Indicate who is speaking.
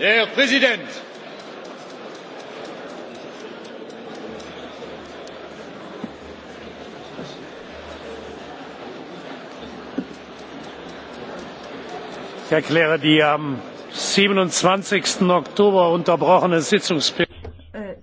Speaker 1: Herr Präsident!
Speaker 2: Ich erkläre die am 27. Oktober unterbrochene Sitzungsperiode.
Speaker 3: Äh,